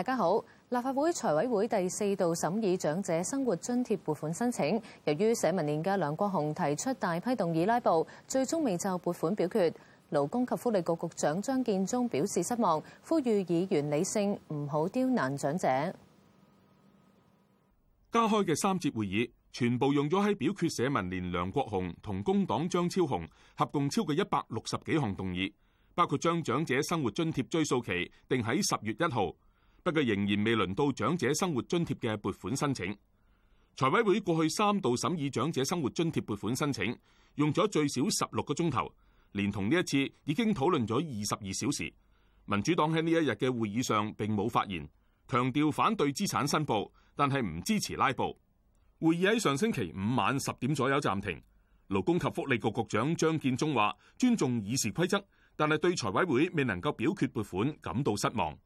大家好，立法會財委會第四度審議長者生活津貼撥款申請，由於社民連嘅梁國雄提出大批動議拉布，最終未就撥款表決。勞工及福利局局，局長張建宗表示失望，呼籲議員理性，唔好刁難長者。加開嘅三節會議，全部用咗喺表決社民連梁國雄同工黨張超雄合共超過一百六十幾項動議，包括將長者生活津貼追溯期定喺十月一號。不過仍然未輪到長者生活津貼嘅撥款申請。財委會過去三度審議長者生活津貼撥款申請，用咗最少十六個鐘頭，連同呢一次已經討論咗二十二小時。民主黨喺呢一日嘅會議上並冇發言，強調反對資產申報，但係唔支持拉布。會議喺上星期五晚十點左右暫停。勞工及福利局局長張建宗話：尊重議事規則，但係對財委會未能夠表決撥款感到失望。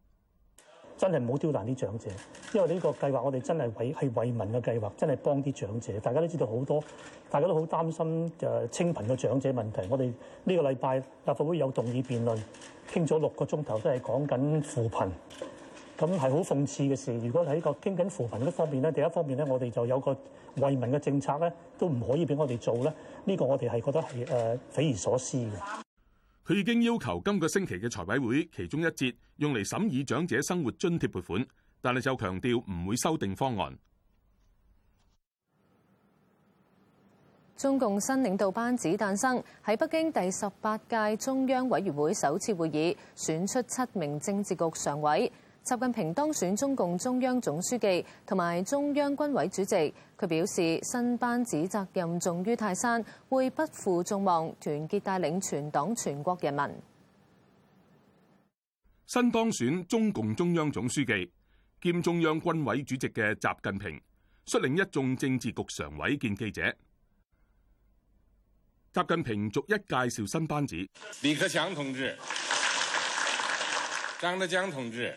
真係唔好刁難啲長者，因為呢個計劃我哋真係為係惠民嘅計劃，真係幫啲長者。大家都知道好多，大家都好擔心誒清貧嘅長者問題。我哋呢個禮拜立法會有動議辯論，傾咗六個鐘頭都係講緊扶貧。咁係好諷刺嘅事。如果喺個傾緊扶貧嗰方面咧，第一方面咧，我哋就有個惠民嘅政策咧，都唔可以俾我哋做咧，呢、呢個我哋係覺得係誒匪夷所思嘅。佢已經要求今個星期嘅財委會其中一節用嚟審議長者生活津貼撥款，但係就強調唔會修訂方案。中共新領導班子誕生，喺北京第十八屆中央委員會首次會議選出七名政治局常委。習近平當選中共中央總書記同埋中央軍委主席，佢表示新班子責任重於泰山，會不負眾望，團結帶領全黨全國人民。新當選中共中央總書記兼中央軍委主席嘅習近平率領一眾政治局常委見記者。習近平逐一介紹新班子：李克強同志、張德江同志。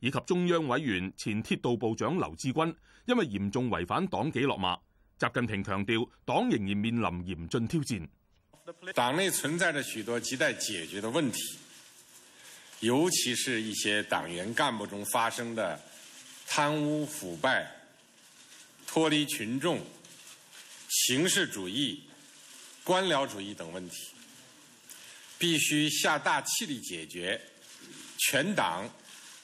以及中央委員前鐵道部長劉志軍，因為嚴重違反黨紀落馬。習近平強調，黨仍然面臨嚴峻挑戰，黨內存在着許多亟待解決的問題，尤其是一些黨員幹部中發生的貪污腐敗、脱離群眾、形式主義、官僚主義等問題，必須下大氣力解決，全黨。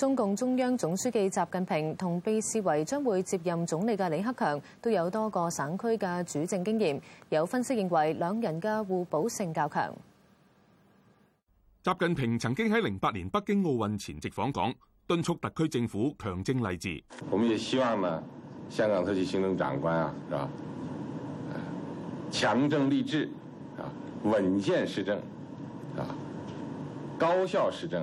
中共中央總書記習近平同被視為將會接任總理嘅李克強都有多個省區嘅主政經驗，有分析認為兩人嘅互補性較強。習近平曾經喺零八年北京奧運前夕訪港，敦促特區政府強政勵治。我們也希望呢，香港特區行政長官啊，是吧？強政勵治啊，穩健施政啊，高效施政。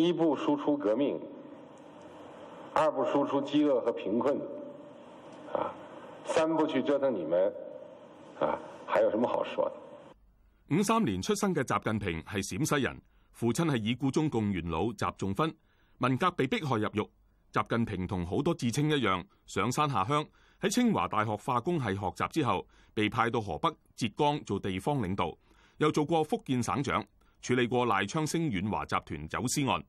一不輸出革命，二不輸出饑餓和貧困，三不去折騰你們，啊，還有什麼好說的？五三年出生嘅習近平係陝西人，父親係已故中共元老習仲勳，文革被迫害入獄。習近平同好多知青一樣，上山下鄉。喺清華大學化工系學習之後，被派到河北、浙江做地方領導，又做過福建省長。處理過賴昌星、遠華集團走私案。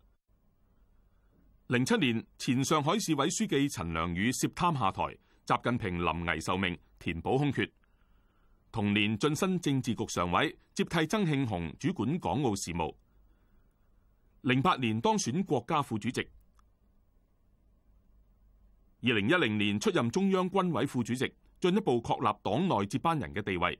零七年，前上海市委書記陳良宇涉貪下台，習近平臨危受命填補空缺。同年晉身政治局常委，接替曾慶紅主管港澳事務。零八年當選國家副主席。二零一零年出任中央軍委副主席，進一步確立黨內接班人嘅地位。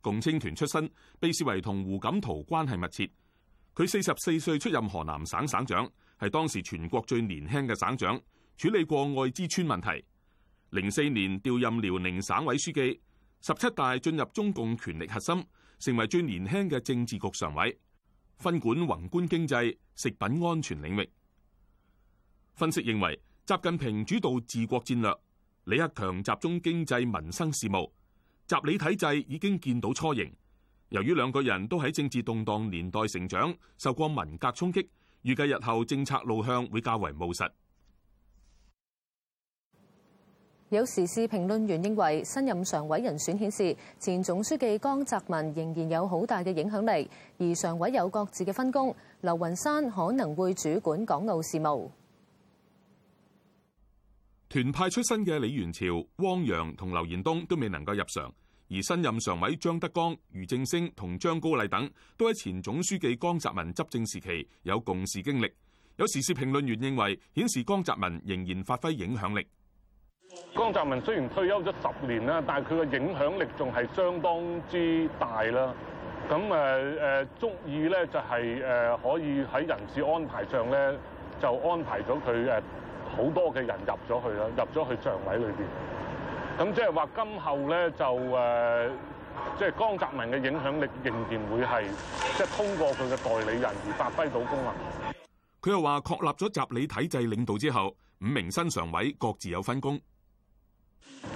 共青團出身，被視為同胡錦濤關係密切。佢四十四歲出任河南省省長，係當時全國最年輕嘅省長，處理過愛滋村問題。零四年調任遼寧省委書記，十七大進入中共權力核心，成為最年輕嘅政治局常委，分管宏觀經濟、食品安全領域。分析認為，習近平主導治國戰略，李克強集中經濟民生事務。習李體制已經見到雛形。由於兩個人都喺政治動盪年代成長，受過文革衝擊，預計日後政策路向會較為務實。有時事評論員認為，新任常委人選顯示前總書記江澤民仍然有好大嘅影響力，而常委有各自嘅分工。劉雲山可能會主管港澳事務。團派出身嘅李源潮、汪洋同劉延東都未能夠入常，而新任常委張德江、俞正聲同張高麗等，都喺前總書記江澤民執政時期有共事經歷。有時事評論員認為，顯示江澤民仍然發揮影響力。江澤民雖然退休咗十年啦，但係佢嘅影響力仲係相當之大啦。咁誒誒，足以咧就係、是、誒、啊、可以喺人事安排上咧就安排咗佢誒。啊好多嘅人入咗去啦，入咗去常委裏邊，咁即係話今後咧就誒即係江澤民嘅影響力仍然會係即係通過佢嘅代理人而發揮到功能。佢又話確立咗習李體制領導之後，五名新常委各自有分工。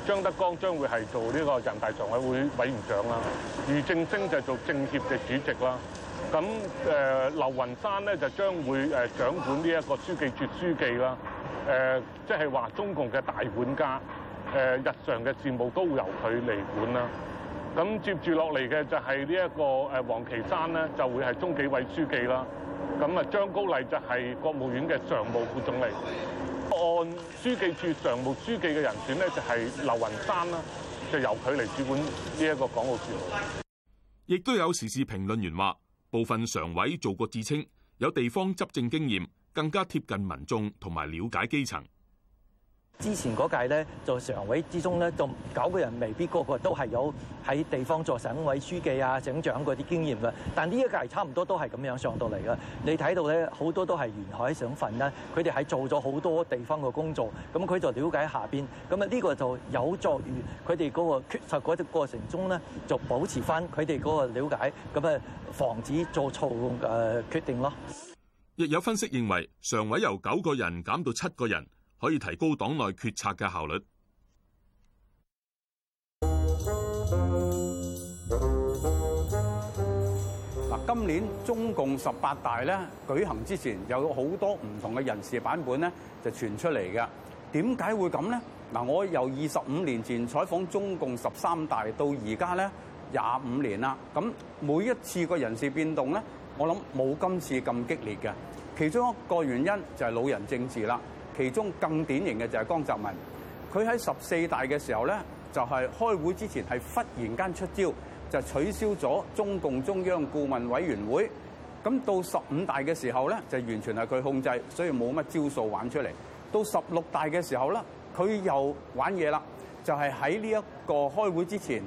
張德江將會係做呢個人大常委會委員長啦，俞正聲就做政協嘅主席啦。咁誒劉雲山咧就將會誒掌管呢一個書記絕書記啦。誒，即係話中共嘅大管家，誒，日常嘅事務都會由佢嚟管啦。咁接住落嚟嘅就係呢一個誒，王岐山咧就會係中紀委書記啦。咁啊，張高麗就係國務院嘅常務副總理。按書記處常務書記嘅人選咧，就係劉雲山啦，就由佢嚟主管呢一個港澳事務。亦都有時事評論員話，部分常委做過知青，有地方執政經驗。更加貼近民眾同埋了解基層，之前嗰屆咧，就常委之中咧，就九個人未必個個都係有喺地方做省委書記啊、省長嗰啲經驗嘅。但呢一屆差唔多都係咁樣上到嚟嘅，你睇到咧，好多都係沿海省份啦，佢哋喺做咗好多地方嘅工作，咁佢就了解下邊，咁啊呢個就有助於佢哋嗰個決策嗰啲過程中咧，就保持翻佢哋嗰個瞭解，咁啊防止做錯誒決定咯。亦有分析認為，常委由九個人減到七個人，可以提高黨內決策嘅效率。嗱，今年中共十八大咧舉行之前，有好多唔同嘅人事版本咧就傳出嚟嘅。點解會咁呢？嗱，我由二十五年前採訪中共十三大到而家咧廿五年啦，咁每一次個人事變動咧。我諗冇今次咁激烈嘅，其中一個原因就係老人政治啦。其中更典型嘅就係江澤民，佢喺十四大嘅時候呢，就係開會之前係忽然間出招，就取消咗中共中央顧問委員會。咁到十五大嘅時候呢，就完全係佢控制，所以冇乜招數玩出嚟。到十六大嘅時候呢，佢又玩嘢啦，就係喺呢一個開會之前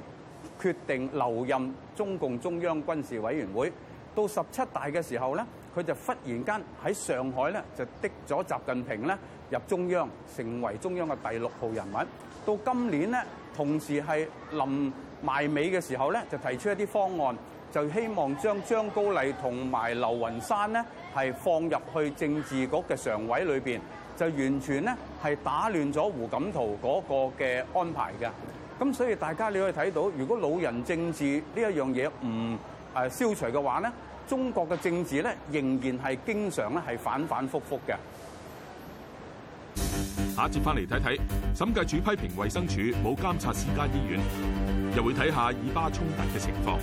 決定留任中共中央軍事委員會。到十七大嘅時候咧，佢就忽然間喺上海咧就的咗習近平咧入中央，成為中央嘅第六號人物。到今年咧，同時係臨埋尾嘅時候咧，就提出一啲方案，就希望將張高麗同埋劉雲山咧係放入去政治局嘅常委裏邊，就完全咧係打亂咗胡錦濤嗰個嘅安排嘅。咁所以大家你可以睇到，如果老人政治呢一樣嘢唔誒消除嘅話咧，中國嘅政治咧，仍然係經常咧係反反覆覆嘅。下一節翻嚟睇睇，審計署批評衞生署冇監察私家醫院，又會睇下以巴衝突嘅情況。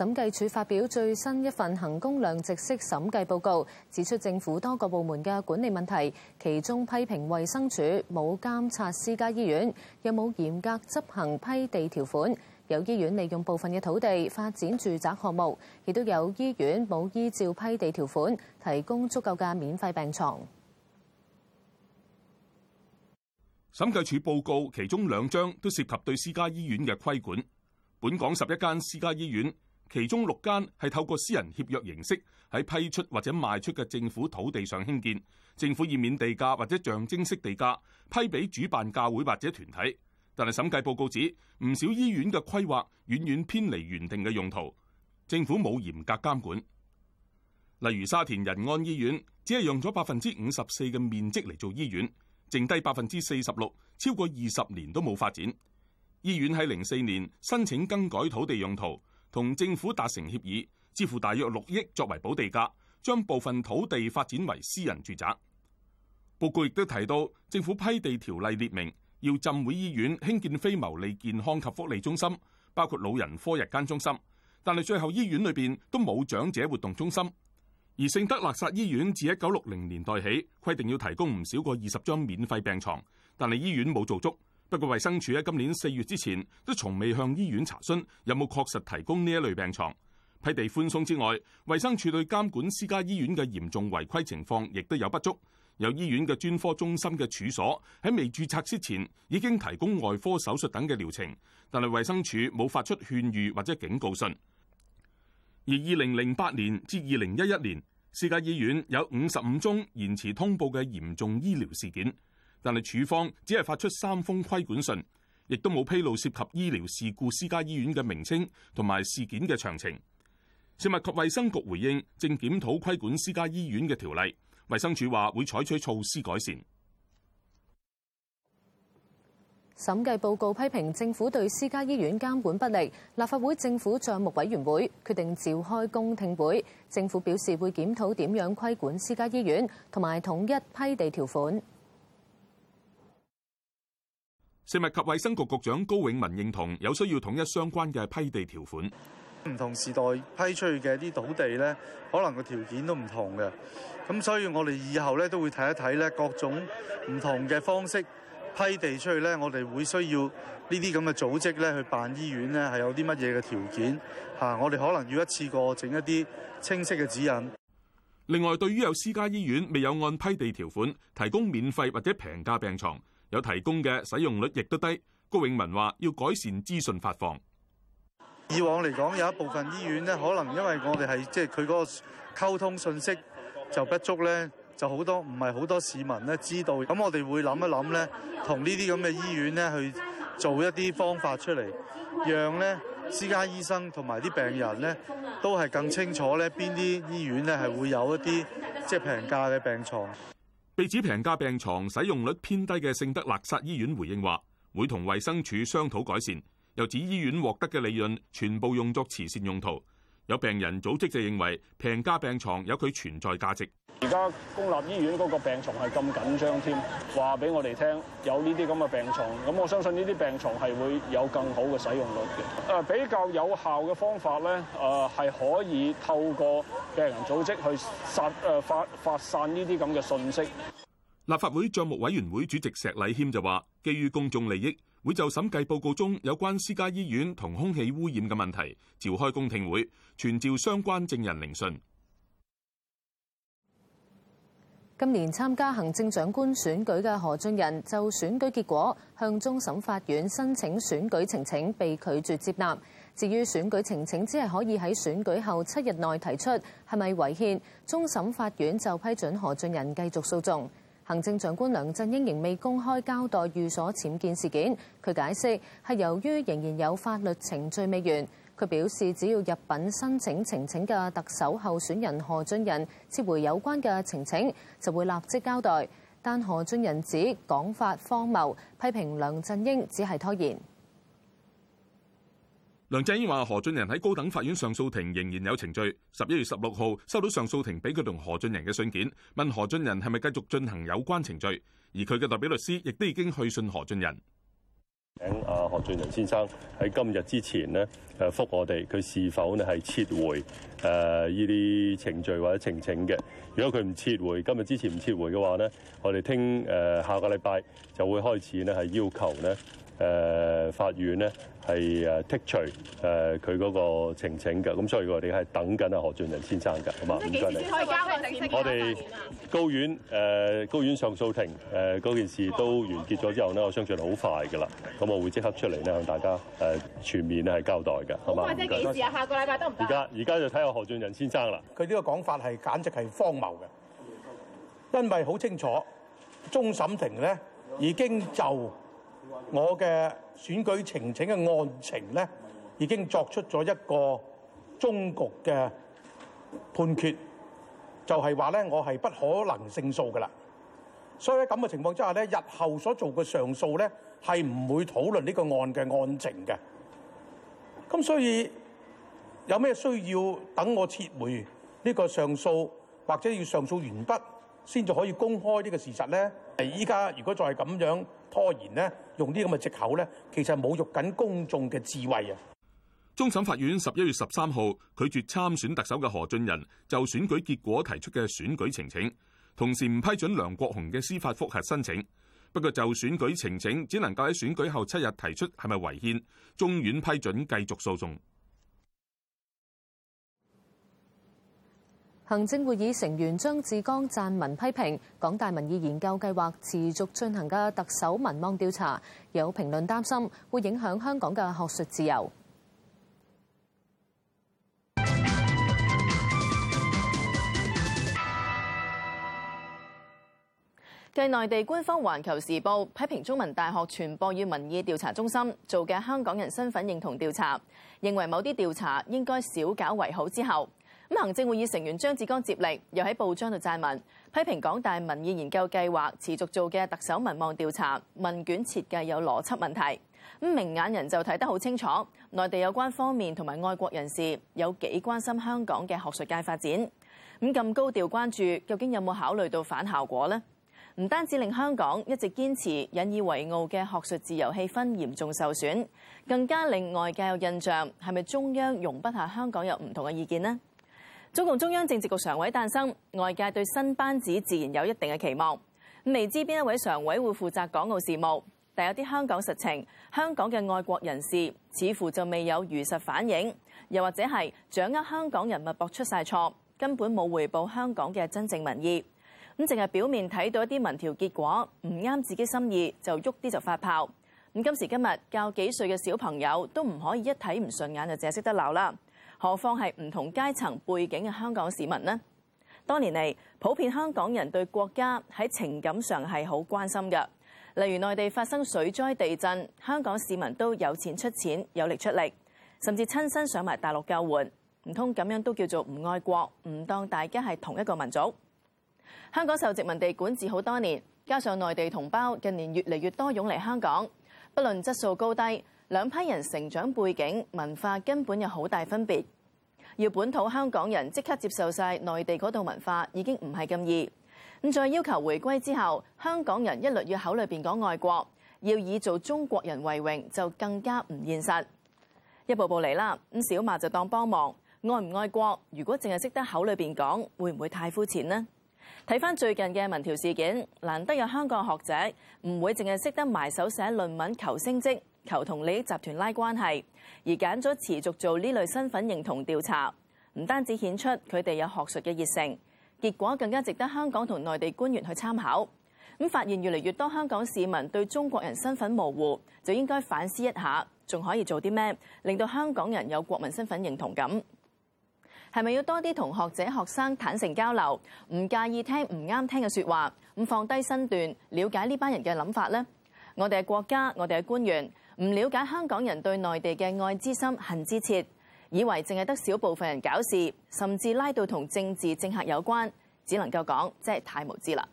審計署發表最新一份衡工量值式審計報告，指出政府多個部門嘅管理問題，其中批評衛生署冇監察私家醫院有冇嚴格執行批地條款，有醫院利用部分嘅土地發展住宅項目，亦都有醫院冇依照批地條款提供足夠嘅免費病床。審計署報告其中兩章都涉及對私家醫院嘅規管，本港十一間私家醫院。其中六間係透過私人協約形式喺批出或者賣出嘅政府土地上興建，政府以免地價或者象徵式地價批俾主辦教會或者團體。但係審計報告指唔少醫院嘅規劃遠遠偏離原定嘅用途，政府冇嚴格監管。例如沙田仁安醫院只係用咗百分之五十四嘅面積嚟做醫院剩低百分之四十六，超過二十年都冇發展。醫院喺零四年申請更改土地用途。同政府達成協議，支付大約六億作為補地價，將部分土地發展為私人住宅。報告亦都提到，政府批地條例列明要浸會醫院興建非牟利健康及福利中心，包括老人科日間中心，但係最後醫院裏邊都冇長者活動中心。而聖德肋撒醫院自一九六零年代起規定要提供唔少過二十張免費病床，但係醫院冇做足。不過，衛生署喺今年四月之前都從未向醫院查詢有冇確實提供呢一類病床。批地寬鬆之外，衛生署對監管私家醫院嘅嚴重違規情況亦都有不足。有醫院嘅專科中心嘅處所喺未註冊之前已經提供外科手術等嘅療程，但係衛生署冇發出勸喻或者警告信。而二零零八年至二零一一年，私家醫院有五十五宗延遲通報嘅嚴重醫療事件。但係，署方只係發出三封規管信，亦都冇披露涉及醫療事故私家醫院嘅名稱同埋事件嘅詳情。食物及衛生局回應，正檢討規管私家醫院嘅條例。衛生署話會採取措施改善。審計報告批評政府對私家醫院監管不力。立法會政府帳目委員會決定召開公聽會，政府表示會檢討點樣規管私家醫院，同埋統一批地條款。食物及衛生局局長高永文認同有需要統一相關嘅批地條款。唔同時代批出去嘅啲土地咧，可能個條件都唔同嘅。咁所以我哋以後咧，都會睇一睇咧各種唔同嘅方式批地出去咧，我哋會需要呢啲咁嘅組織咧去辦醫院咧，係有啲乜嘢嘅條件吓，我哋可能要一次過整一啲清晰嘅指引。另外，對於有私家醫院未有按批地條款提供免費或者平價病床，有提供嘅使用率亦都低，高永文話要改善資訊發放。以往嚟講，有一部分醫院咧，可能因為我哋係即係佢嗰個溝通信息就不足咧，就好多唔係好多市民咧知道。咁我哋會諗一諗咧，同呢啲咁嘅醫院咧去做一啲方法出嚟，讓咧私家醫生同埋啲病人咧都係更清楚咧邊啲醫院咧係會有一啲即係平價嘅病床。被指平價病床使用率偏低嘅聖德肋撒醫院回應話，會同衛生署商討改善，又指醫院獲得嘅利潤全部用作慈善用途。有病人組織就認為，平價病床有佢存在價值。而家公立醫院嗰個病床係咁緊張添，話俾我哋聽有呢啲咁嘅病床。咁我相信呢啲病床係會有更好嘅使用率嘅。誒比較有效嘅方法咧，誒係可以透過病人組織去殺誒發發，發散呢啲咁嘅信息。立法會帳目委員會主席石禮謙就話，基於公眾利益。會就審計報告中有關私家醫院同空氣污染嘅問題召開公聽會，傳召相關證人聆訊。今年參加行政長官選舉嘅何俊仁就選舉結果向終審法院申請選舉呈請被拒絕接納。至於選舉呈請只係可以喺選舉後七日內提出，係咪違憲？終審法院就批准何俊仁繼續訴訟。行政長官梁振英仍未公開交代寓所僭建事件，佢解釋係由於仍然有法律程序未完。佢表示只要入禀申請呈請嘅特首候選人何俊仁撤回有關嘅呈請，就會立即交代。但何俊仁指講法荒謬，批評梁振英只係拖延。梁振英話何俊仁喺高等法院上訴庭仍然有程序。十一月十六號收到上訴庭俾佢同何俊仁嘅信件，問何俊仁係咪繼續進行有關程序，而佢嘅代表律師亦都已經去信何俊仁，請阿何俊仁先生喺今日之前呢，誒、啊、覆我哋佢是否呢係撤回誒呢啲程序或者程程嘅。如果佢唔撤回，今日之前唔撤回嘅話呢，我哋聽誒、啊、下個禮拜就會開始呢係要求呢。誒、呃、法院咧係誒剔除誒佢嗰個情情㗎，咁所以我哋係等緊啊何俊仁先生㗎，係、嗯、嘛？我哋高院誒高院上訴庭誒嗰、呃、件事都完結咗之後咧，我相信好快㗎啦。咁我會即刻出嚟咧，向大家誒、呃、全面係交代㗎，好嘛？咁話即係幾時啊？下個禮拜都唔，而家而家就睇下何俊仁先生啦。佢呢個講法係簡直係荒謬嘅，因為好清楚，終審庭咧已經就。我嘅選舉呈請嘅案情咧，已經作出咗一個終局嘅判決，就係話咧，我係不可能勝訴噶啦。所以喺咁嘅情況之下咧，日後所做嘅上訴咧，係唔會討論呢個案嘅案情嘅。咁所以有咩需要等我撤回呢個上訴，或者要上訴完畢先至可以公開呢個事實咧？係依家如果再係咁樣拖延咧，用啲咁嘅藉口咧，其實侮辱緊公眾嘅智慧啊！終審法院十一月十三號拒絕參選特首嘅何俊仁就選舉結果提出嘅選舉呈請，同時唔批准梁國雄嘅司法覆核申請。不過就選舉呈請只能夠喺選舉後七日提出，係咪違憲？中院批准繼續訴訟。行政會議成員張志剛撰文批評港大民意研究計劃持續進行嘅特首民望調查，有評論擔心會影響香港嘅學術自由。繼內地官方《環球時報》批評中文大學傳播與民意調查中心做嘅香港人身份認同調查，認為某啲調查應該少搞為好之後。咁，行政會議成員張志剛接力，又喺報章度撰文，批評港大民意研究計劃持續做嘅特首民望調查，問卷設計有邏輯問題。咁明眼人就睇得好清楚，內地有關方面同埋愛國人士有幾關心香港嘅學術界發展。咁咁高調關注，究竟有冇考慮到反效果呢？唔單止令香港一直堅持引以為傲嘅學術自由氣氛嚴重受損，更加令外界有印象，係咪中央容不下香港有唔同嘅意見呢？中共中央政治局常委誕生，外界對新班子自然有一定嘅期望。未知邊一位常委會負責港澳事務，但有啲香港實情，香港嘅愛國人士似乎就未有如實反映，又或者係掌握香港人物博出晒錯，根本冇回報香港嘅真正民意。咁淨係表面睇到一啲民調結果唔啱自己心意，就喐啲就發炮。咁今時今日教幾歲嘅小朋友都唔可以一睇唔順眼就淨係識得鬧啦。何況係唔同階層背景嘅香港市民呢？多年嚟，普遍香港人對國家喺情感上係好關心嘅。例如內地發生水災地震，香港市民都有錢出錢，有力出力，甚至親身上埋大陸救援。唔通咁樣都叫做唔愛國？唔當大家係同一個民族？香港受殖民地管治好多年，加上內地同胞近年越嚟越多湧嚟香港，不論質素高低。兩批人成長背景文化根本有好大分別，要本土香港人即刻接受晒內地嗰度文化已經唔係咁易。咁再要求回歸之後，香港人一律要口裏面講愛國，要以做中國人為榮，就更加唔現實。一步步嚟啦，咁小馬就當幫忙，愛唔愛國？如果淨係識得口裏面講，會唔會太膚淺呢？睇翻最近嘅民調事件，難得有香港學者唔會淨係識得埋手寫論文求升職。求同利益集團拉關係，而揀咗持續做呢類身份認同調查，唔單止顯出佢哋有學術嘅熱誠，結果更加值得香港同內地官員去參考。咁發現越嚟越多香港市民對中國人身份模糊，就應該反思一下，仲可以做啲咩令到香港人有國民身份認同感？係咪要多啲同學者學生坦誠交流，唔介意聽唔啱聽嘅說話，咁放低身段了解呢班人嘅諗法呢？我哋係國家，我哋係官員。唔了解香港人對內地嘅愛之心恨之切，以為淨係得少部分人搞事，甚至拉到同政治政客有關，只能夠講真係太無知啦！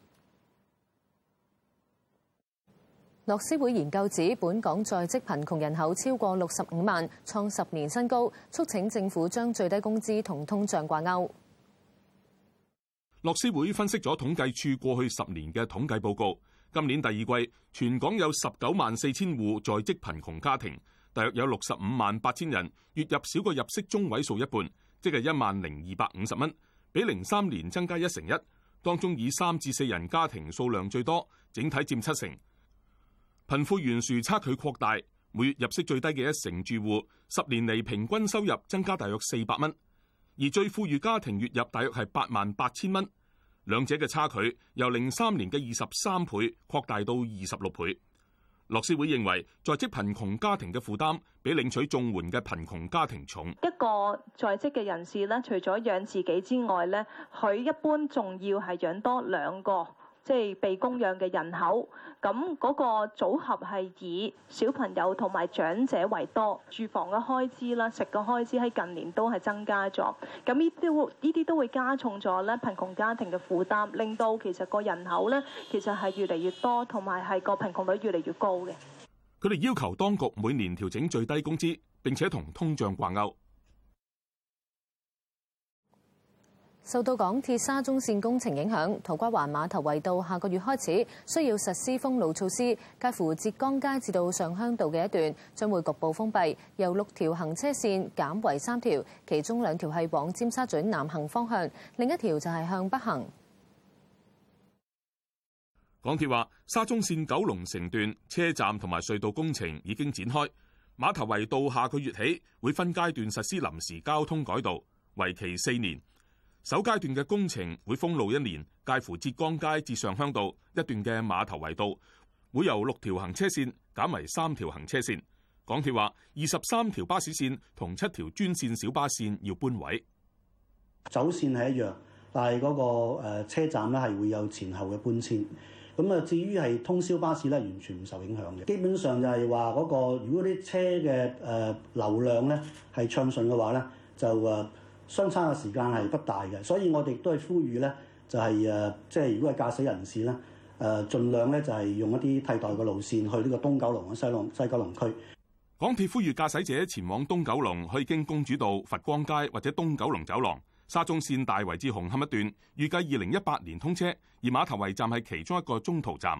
樂施會研究指，本港在職貧窮人口超過六十五萬，創十年新高，促請政府將最低工資同通脹掛鈎。樂施會分析咗統計處過去十年嘅統計報告。今年第二季，全港有十九萬四千戶在職貧窮家庭，大約有六十五萬八千人，月入少過入息中位數一半，即係一萬零二百五十蚊，比零三年增加一成一。當中以三至四人家庭數量最多，整體佔七成。貧富懸殊差距擴大，每月入息最低嘅一成住戶，十年嚟平均收入增加大約四百蚊，而最富裕家庭月入大約係八萬八千蚊。兩者嘅差距由零三年嘅二十三倍擴大到二十六倍。樂施會認為，在職貧窮家庭嘅負擔比領取綜援嘅貧窮家庭重。一個在職嘅人士咧，除咗養自己之外咧，佢一般仲要係養多兩個。即係被供養嘅人口，咁嗰個組合係以小朋友同埋長者為多。住房嘅開支啦，食嘅開支喺近年都係增加咗。咁呢啲呢啲都會加重咗咧貧窮家庭嘅負擔，令到其實個人口咧其實係越嚟越多，同埋係個貧窮率越嚟越高嘅。佢哋要求當局每年調整最低工資，並且同通脹掛鈎。受到港鐵沙中線工程影響，土瓜灣碼頭圍道下個月開始需要實施封路措施，介乎浙江街至到上鄉道嘅一段將會局部封閉，由六條行車線減為三條，其中兩條係往尖沙咀南行方向，另一條就係向北行。港鐵話，沙中線九龍城段車站同埋隧道工程已經展開，碼頭圍道下個月起會分階段實施臨時交通改道，為期四年。首階段嘅工程會封路一年，介乎浙江街至上鄉道一段嘅馬頭圍道，會由六條行車線減為三條行車線。港鐵話，二十三條巴士線同七條專線小巴線要搬位。走線係一樣，但係嗰個誒車站咧係會有前後嘅搬遷。咁啊，至於係通宵巴士咧，完全唔受影響嘅。基本上就係話嗰個，如果啲車嘅誒流量咧係暢順嘅話咧，就誒。相差嘅時間係不大嘅，所以我哋都係呼籲呢，就係誒，即係如果係駕駛人士咧，誒，儘量呢就係用一啲替代嘅路線去呢個東九龍、西龍西九龍區。港鐵呼籲駕駛者前往東九龍，去經公主道、佛光街或者東九龍走廊。沙中線大圍至紅磡一段預計二零一八年通車，而馬頭圍站係其中一個中途站。